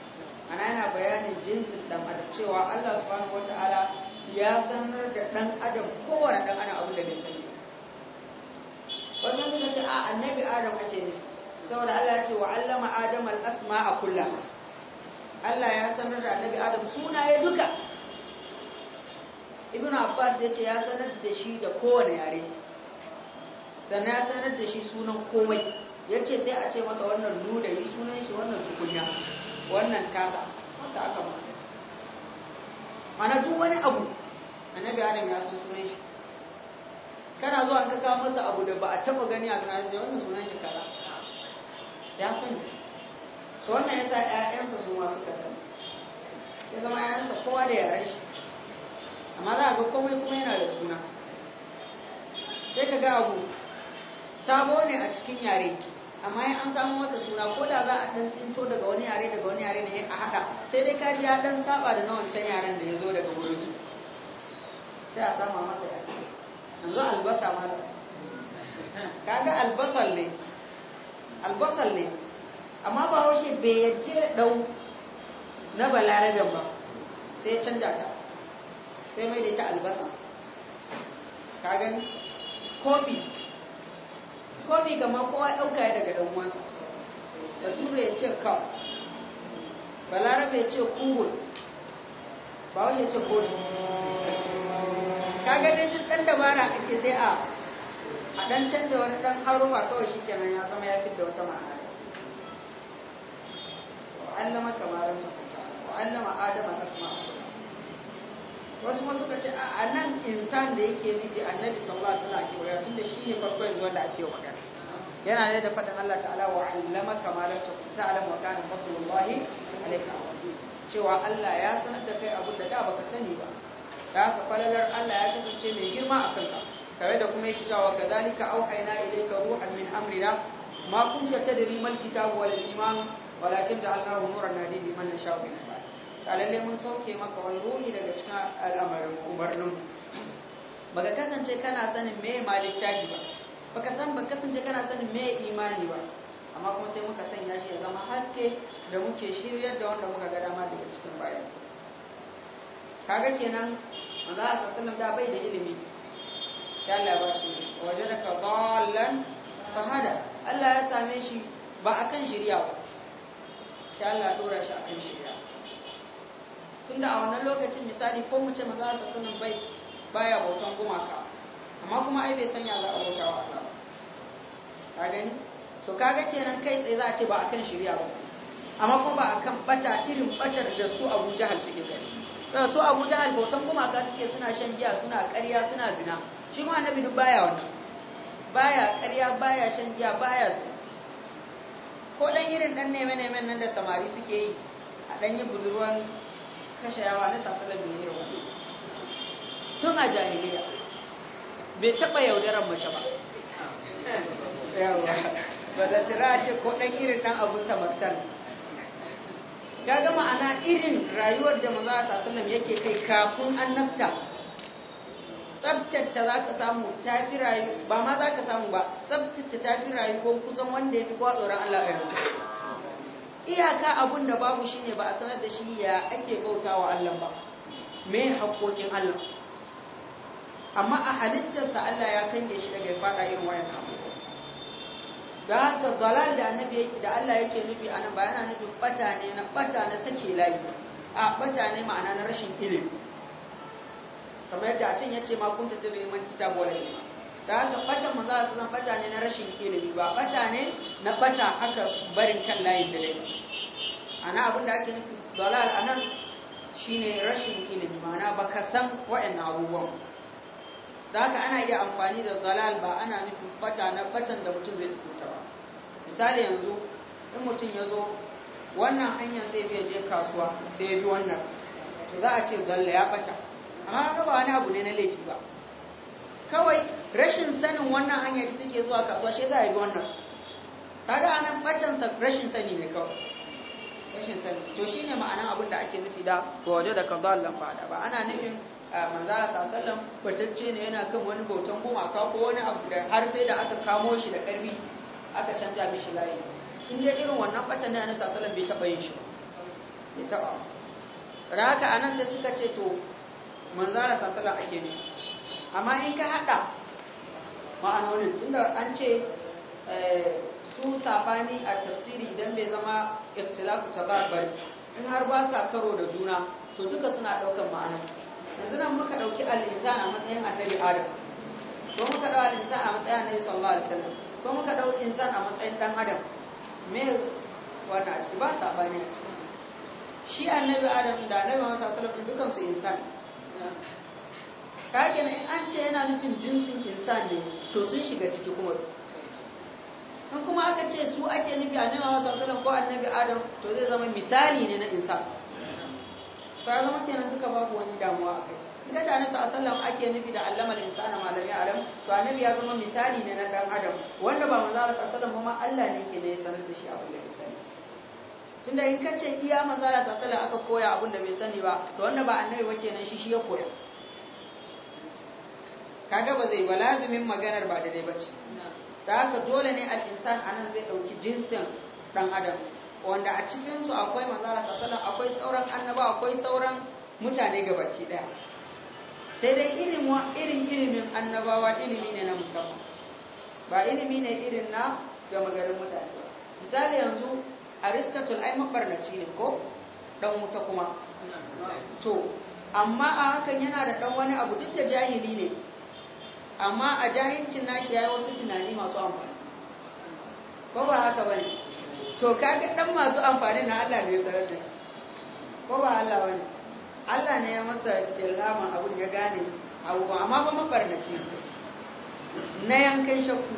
ana yana bayanin jinsi dan adam cewa Allah subhanahu wataala ya sanar da dan adam kowane dan adam abin da bai sani wannan suka ce a annabi adam ake ne, saboda Allah ya ce wa allama adam al-asma'a kullaha Allah ya sanar da annabi Adam sunaye duka Ibn Abbas ya ce ya sanar da shi da kowane yare sannan ya sanar da shi sunan komai ya ce sai a ce masa wannan nuna yi sunan shi wannan tukunya wannan tasa wanda aka ba mana duk wani abu annabi Adam ya san sunan shi kana zuwa ka kawo masa abu da ba a taba gani a kan sai wannan sunan shi kaza ya sanya. so wannan yasa ƴaƴansa su ma suka sani ya zama ƴaƴansa kowa da yaren shi amma za a ga komai kuma yana da suna sai ka ga abu sabo ne a cikin yare amma in an samu masa suna ko da za a ɗan tsinto daga wani yare daga wani yare ne a haka sai dai kaji ya ɗan saba da na wancan yaren da ya zo daga wurin su sai a sama masa yare yanzu albasa ma kaga albasal ne albasal ne amma ba haushe bai yadda ya ɗau na balarabin ba sai ya canja ta sai mai da ita albasa ka gani kofi kofi kama kowa ɗauka ya daga ɗan da bature ya ce kaw balarabe ya ce kungul ba wajen ce kofi ka gani duk ɗan dabara ake zai a a ɗan canza wani ɗan haruwa kawai shi kenan ya zama ya fi da wata ma'ana allama kamarar wa allama adama asma wasu wasu suka ce a nan insan da yake nufi annabi sallallahu alaihi wasallam ake magana tunda shine babban wanda ake magana yana da faɗin Allah ta'ala wa allama kamarar alam wa kana fasulullahi alayka cewa Allah ya sanar da kai abin da da baka sani ba da haka falalar Allah ya kasance mai girma a kanka kare da kuma yake cewa kadhalika auhayna ilayka ruhan min amrina ma kunta tadri mal kitabu wal iman walakin ja'alnahu nuran nahdi liman nasha'u min ibadi kalalle mun sauke maka wani ruhi daga cikin al'amarin umarnin baka kasance kana sanin me ma littafi ba baka san baka kasance kana sanin me imani ba amma kuma sai muka sanya shi ya zama haske da muke shiryar da wanda muka ga dama daga cikin bayan kaga kenan manzo Allah sallallahu da bai da ilimi sai Allah ba shi wajadaka dallan fahada Allah ya same shi ba akan shiriya ba sai Allah ya dora shi akan shirya tunda a wannan lokacin misali ko mu ce maza su sanin bai baya bautan gumaka amma kuma ai bai sanya za a bauta wa Allah ka gani so kaga kenan kai tsaye za a ce ba akan shirya ba amma kuma ba akan bata irin batar da su Abu Jahal suke kai sai su Abu hal bautan gumaka suke suna shan giya suna ƙarya suna zina shi kuma annabi duk baya wannan baya ƙarya baya shan giya baya zina ko dan irin dan neme nemen nan da samari suke yi a dan yi budurwan kashe yawa na sasalar duniya wani tun a jahiliya bai taɓa yaudaran mace ba ba da tira ce ko dan irin dan abun samartar ga ma'ana irin rayuwar da maza a sasalar yake kai kafin annabta tsabtacce za ka samu tafi rayu ba ma za ka samu ba tsabtacce tafi rayu ko kusan wanda ya fi kowa tsoron Allah ya rayu iyaka abun da babu shine ba a sanar da shi ya ake bautawa Allah ba me haƙoƙin Allah amma a halittarsa Allah ya kange shi daga fada irin wayan abu. da haka dalal da annabi da Allah yake nufi anan ba yana nufin bata ne na bata na sake layi a bata ne ma'ana na rashin ilimi kamar yadda a cin ya ce ma kun ta tabi man kitabu wala ilma da haka fatan manzo Allah sallallahu bata ne na rashin ilimi ba bata ne na bata aka barin kan layin da laifi ana abin da ake nufi dalal anan shine rashin ilimi ma'ana baka san wa'in abubuwan da haka ana iya amfani da dalal ba ana nufin bata na batan da mutum zai tukuta ba misali yanzu in mutum ya zo wannan hanyar zai je kasuwa sai ya bi wannan to za a ce zalla ya bata amma haka ba wani abu ne na laifi ba kawai rashin sanin wannan hanyar da suke zuwa kasuwa shi yasa ya yi wannan kaga anan batan rashin sani ne kawai rashin sani to shine ma'anan abin da ake nufi da waje da kadallan fada ba ana nufin manzara sallallahu batacce ne yana kan wani bautan gumaka ko wani abu da har sai da aka kamo shi da karbi aka canja mishi layi in dai irin wannan batan ne annabi sallallahu bai taba yin shi bai taba haka anan sai suka ce to manzara sassala ake ne amma in ka haɗa ma'anonin inda an ce eh, su safani a tafsiri idan bai zama ikhtilafu tabarbar in har ba sa karo da juna to duka suna ɗaukar ma'ana yanzu nan muka ɗauki al'insan a matsayin a tari adam ko muka ɗau al'insan a matsayin yi sallallahu alaihi wasallam ko muka ɗau insan a matsayin ɗan adam me wannan a ciki ba bani a ciki shi annabi adam da annabi masa talafin dukansu insan kage in an ce yana nufin jinsin insan ne to sun shiga ciki kuma in kuma aka ce su ake nufi a nema wasu asalin ko annabi adam to zai zama misali ne na insan ta zama kenan duka babu wani damuwa a kai in ka tare su a ake nufi da allamar insana malami adam to annabi ya zama misali ne na dan adam wanda ba manzo Allah a alaihi ma Allah ne ke ne sanar da shi a wani misali tunda in kace iya manzo Allah sallallahu aka koya abin da bai sani ba to wanda ba annabi ba kenan shi shi ya koya kaga ba zai ba lazimin maganar ba daidai bace da haka dole ne al-insan anan zai dauki jinsin dan adam wanda a cikin su akwai manzo Allah sallallahu akwai sauran annaba akwai sauran mutane gabaki daya sai dai irin irin ilimin annabawa ilimi ne na musamman ba ilimi ne irin na gama garin mutane misali yanzu aristotle ai mabarnaci ne ko dan wuta kuma to amma a hakan yana da dan wani abu duk da jahili ne amma a jahilcin nashi yayi wasu tunani masu amfani ko ba haka bane to kaga dan masu amfani na Allah ne ya tsare da shi ko ba Allah bane Allah ne ya masa ilhama abun ya gane abu amma ba mabarnaci ne na yankan shakku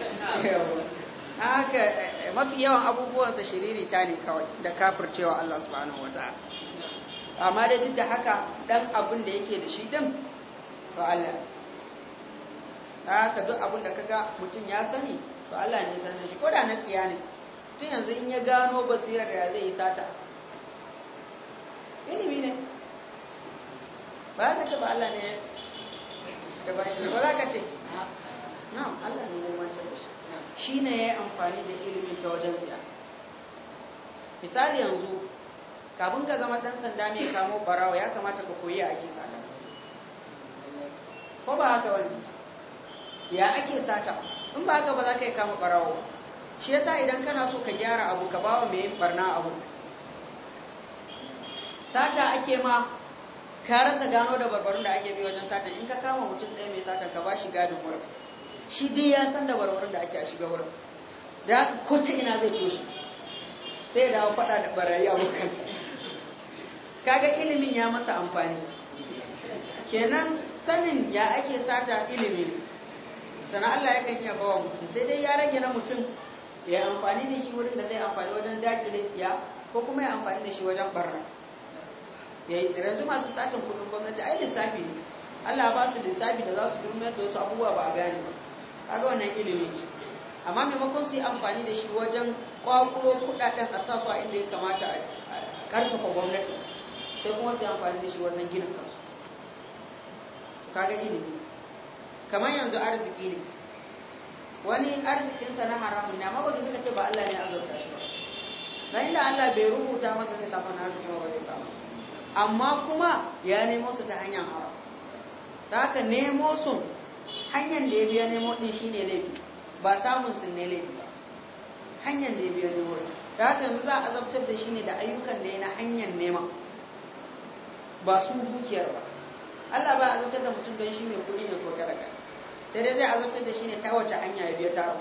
*laughs* haka eh, mafi yawan abubuwansa shiririta ne kawai da cewa Allah subhanahu wataala amma da duk da haka dan abin da yake da shi din to Allah haka duk abin da kaga mutum ya sani to Allah ne sanin shi koda na tsiya ne tun yanzu in ya gano basirar ya zai yi sata ilimi ne ba ka ce ba Allah ne da ba shi ba za ka ce na'am Allah ne ya wance da shi shi ne ya yi amfani da ilimin ta wajen siya misali yanzu kafin ka zama ɗan sanda mai kamo barawa ya kamata ka koyi ake sata ko ba haka wani ya ake sata in ba haka ba za ka yi kama barawa shi yasa idan kana so ka gyara abu ka bawa mai yin barna abu sata ake ma ka rasa gano da barbarun da ake bi wajen sata in ka kama mutum ɗaya mai sata ka ba shi gadin murfi shi dai ya san da barwar da ake a shiga wurin da ko ta ina zai toshe sai ya dawo faɗa da barayi a Ka kaga ilimin ya masa amfani kenan sanin ya ake sata ilimi sana Allah ya kan iya bawa mutum sai dai ya rage na mutum ya amfani da shi wurin da zai amfani wajen dakile tsiya ko kuma ya amfani da shi wajen barna ya yi tsira su masu satin kudin gwamnati ai lissafi ne Allah ba su lissafi da za su durmiyar da wasu abubuwa ba a gane ba kaga wannan ilimi ne amma maimakon su yi amfani da shi wajen kwakuro kudaden a sa a inda ya kamata a karfafa gwamnati sai kuma su yi amfani da shi wannan gina kansu kaga ilimi kamar yanzu arziki ne wani arzikinsa na haramun ne amma wajen suka ce ba Allah ne a azurta shi ba Na inda Allah bai rubuta masa ne safa na arzikin wa zai samu amma kuma ya nemo su ta hanyar haram da haka nemo su hanyar da ya biya nemo shi ne laifi ba samun sun ne laifi ba hanyar da ya biya nemo da haka yanzu za a azabtar da shi ne da ayyukan da ya na hanyar nema ba su dukiyar ba Allah ba azabtar da mutum don shi mai kuɗi ne ko talaka sai dai zai azabtar da shi ne ta wace hanya ya biya tara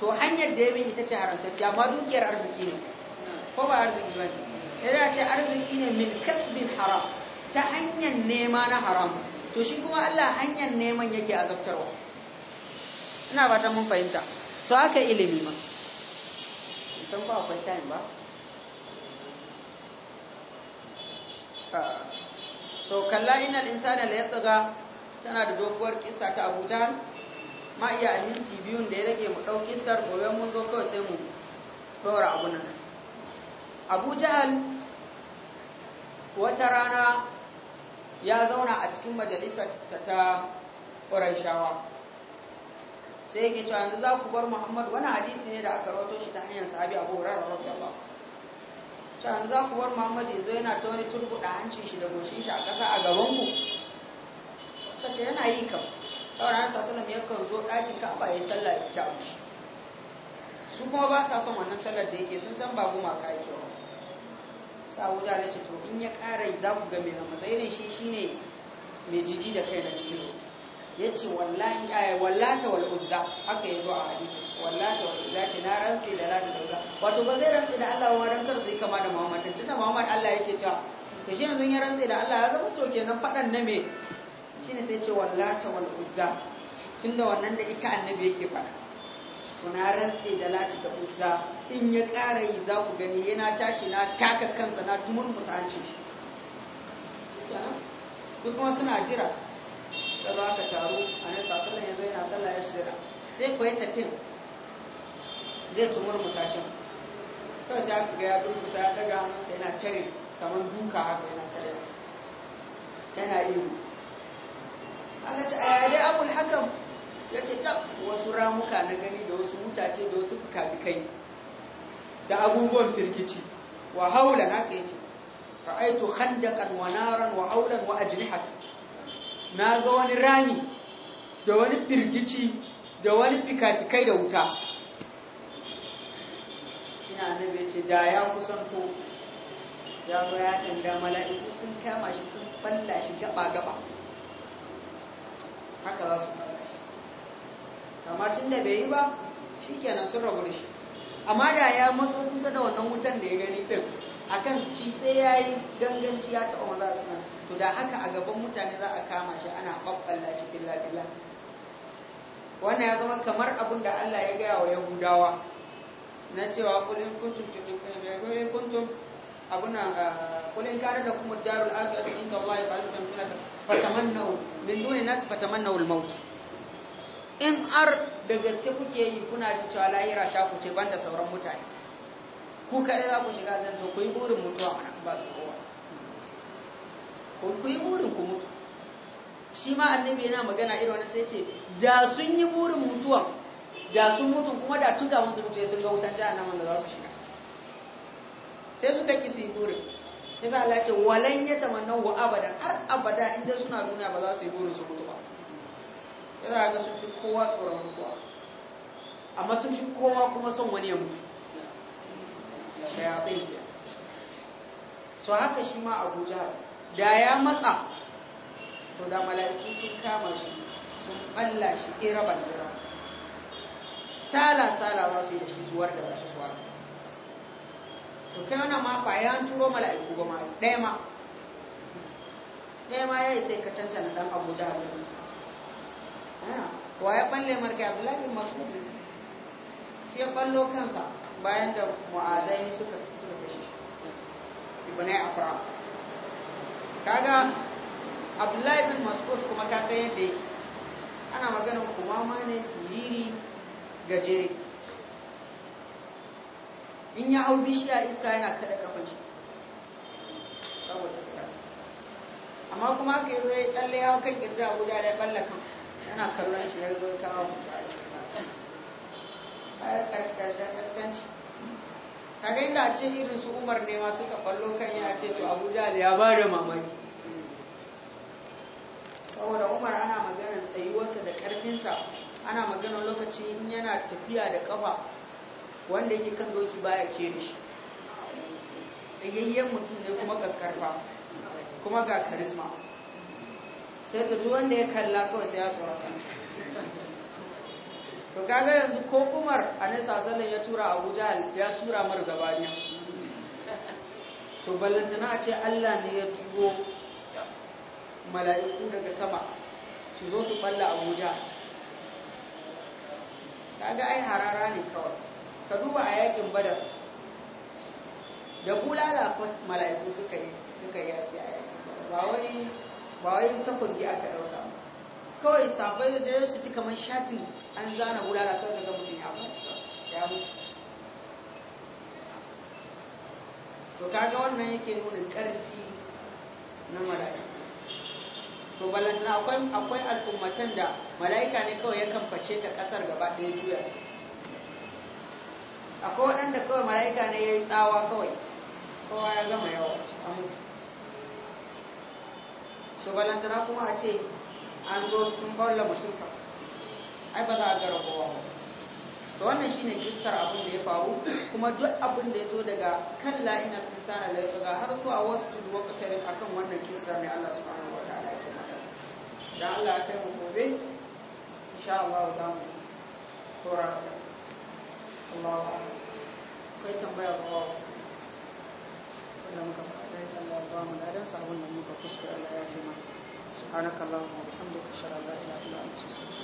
to hanyar da ya bi ita ce haramtacce amma dukiyar arziki ne ko ba arziki ba ne sai dai a ce arziki ne min kasbin haram ta hanyar nema na haram to shi kuma Allah hanyar neman yake azabtarwa ina ba ta mun fahimta to haka ilimi ma san ko akwai time ba so ah. kalla innal insana la yatgha tana da doguwar kissa ta Abuja ma iya aminci biyun da ya rage mu dauki sar gobe mun zo kawai sai mu dora abunan nan Abu wata rana ya zauna a cikin majalisarsa ta shawa. sai yake cewa yanzu za ku bar muhammad wani hadisi ne da aka rawato shi ta hanyar sahabi abu hurairah radiyallahu cewa yanzu za ku bar muhammad yanzu yana ta wani da hancin shi da goshin shi a ƙasa a gaban ta ce yana yi kam saboda an sasa nan yakan zo ɗakin ka'aba ya sallah ya ci abinci su kuma ba sa son wannan sallar da yake sun san ba gumaka yake ba sa wuta na ce to in ya ƙara za ku ga mai masa shi, shi shine mai jiji da kai na cikin su ya ce wallahi a eh, wallata wal uzza haka ya zo a hadisi wallata wal uzza ce na rantsi da lati da uzza wato ba zai rantsi da Allah wa rantsar su yi kama da Muhammad tun da Muhammad Allah yake cewa to shi yanzu ya rantsi da Allah ya zama to kenan fadan na me shine sai ce wallata wal uzza da wannan da ita annabi yake faɗa to na rantse da lati da uzza in ya ƙara yi za ku gani yana tashi na taka kansa na tumurmusa ce su kuma suna jira da za ka taru a nan ya zo yana sallah ya shirya sai ku ya tafin zai musa shi kawai sai aka ga ya musa ya daga sai yana cire kamar duka haka yana cire yana iri. aka ce a abul hakan. ya ce ta wasu ramuka na gani da wasu mutace da wasu fukafikai da abubuwan firgici wa haulan haka ya ce ra'aitu khandaqan wa naran wa aulan wa ajnihatan na ga wani rami da wani firgici da wani fikafikai da wuta Ina annabi ya ce da ya kusan ko ya ga ya danda mala'iku sun kama shi sun falla shi gaba gaba haka za su amma tun da bai yi ba shi kenan sun rabu da shi amma da ya matso kusa da wannan wutan da ya gani fim kan shi sai ya yi ganganci ya taɓa maza suna to da haka a gaban mutane za a kama shi ana ɓaɓɓalla shi filla filla wannan ya zama kamar abin da Allah ya gaya wa Yahudawa na cewa kulin kuntum kulin kuntum na kulin ah, kare da kuma darul akhirati inda Allah ya fa'ala tamtila fatamannu min duni nas fatamannu al-maut in ar da gaske kuke yi kuna ji cewa lahira ta ku ce banda sauran mutane ku kaɗai za ku shiga zan to ku yi burin mutuwa mana ba su kowa ku yi burin ku mutu shi ma annabi yana magana irin wani sai ce da sun yi burin mutuwa da sun mutu kuma da tun kafin su mutu sun ga wutan jahannama wanda za su shiga sai suka ki su yi burin sai Allah ya ce walan abada har abada inda suna duniya ba za su yi burin su mutu ba yana ga sun fi kowa tsoron mutuwa amma sun fi kowa kuma son wani ya mutu ke so haka shi ma abu jihar da ya matsa to da mala'iku sun kama shi sun balla shi ƙera eh, bandira sala-sala za su yi da shi zuwar da za su suwa to kai wannan ma fa ya turo mala'iku goma ɗaya ma ɗaya ma ya yi sai ka cancana ɗan abu jihar wa ya balle marke abdullahi bin mas'ud shi ya ballo kansa bayan da mu'adani suka kashe shi ibn afra kaga abdullahi bin mas'ud kuma ta ga yadda yake ana magana kuma ma ne siriri gajere in ya hau bishiya iska yana kada kafan shi saboda iska amma kuma ka yi tsalle ya hau kan kirja abuja da ya balla kan yana kallon shi ya zo kawo a ƙarƙashin ƙasƙanci kaga inda ce irin su umar ne ma suka ballo kan ya ce to abuja da ya ba da mamaki saboda umar ana maganar tsayuwarsa da ƙarfinsa ana maganar lokaci in yana tafiya da ƙafa wanda yake kan doki baya kere shi tsayayyen mutum ne kuma kakkarfa kuma ga karisma sai ka duk wanda ya kalla kawai sai ya tsorata to kaga yanzu ko Umar a nesa sallallahu ya tura Abuja ya tura mar zabaniya to ballantana a ce Allah ne ya turo mala'iku daga sama su zo su balla Abuja kaga ai harara ne kawai ka duba a yakin Badar da bulala kwas mala'iku suka yi suka yi yaki a yakin ba wani ba wai takobi aka ɗauka kawai sabai da zai su ci kamar shatin an zana wurare kan da mutum ya mutu ya mutu to kaga wannan yake nuna ƙarfi na mala'iku to balantana akwai akwai al'ummatan da mala'ika ne kawai yakan face ta ƙasar gaba ɗaya juya akwai waɗanda kawai mala'ika ne ya yi tsawa kawai kowa ya gama yawa a mutu to balantana kuma a ce an zo sun balla mutum fa ai ba za a gara kowa ba to wannan shine kissar abin da ya faru kuma duk abin da ya zo daga kalla ina insana la yaga har a wasu lokacin akan wannan kissar ne Allah subhanahu ta'ala ya kuma dan Allah ya kai mu gobe insha Allah za mu tora Allah kai tambaya ba wanda muka faɗa ya Allah ba mu ladan sa wanda muka kuskure Allah ya yi mana subhanakallahumma wa bihamdika ashhadu an la ilaha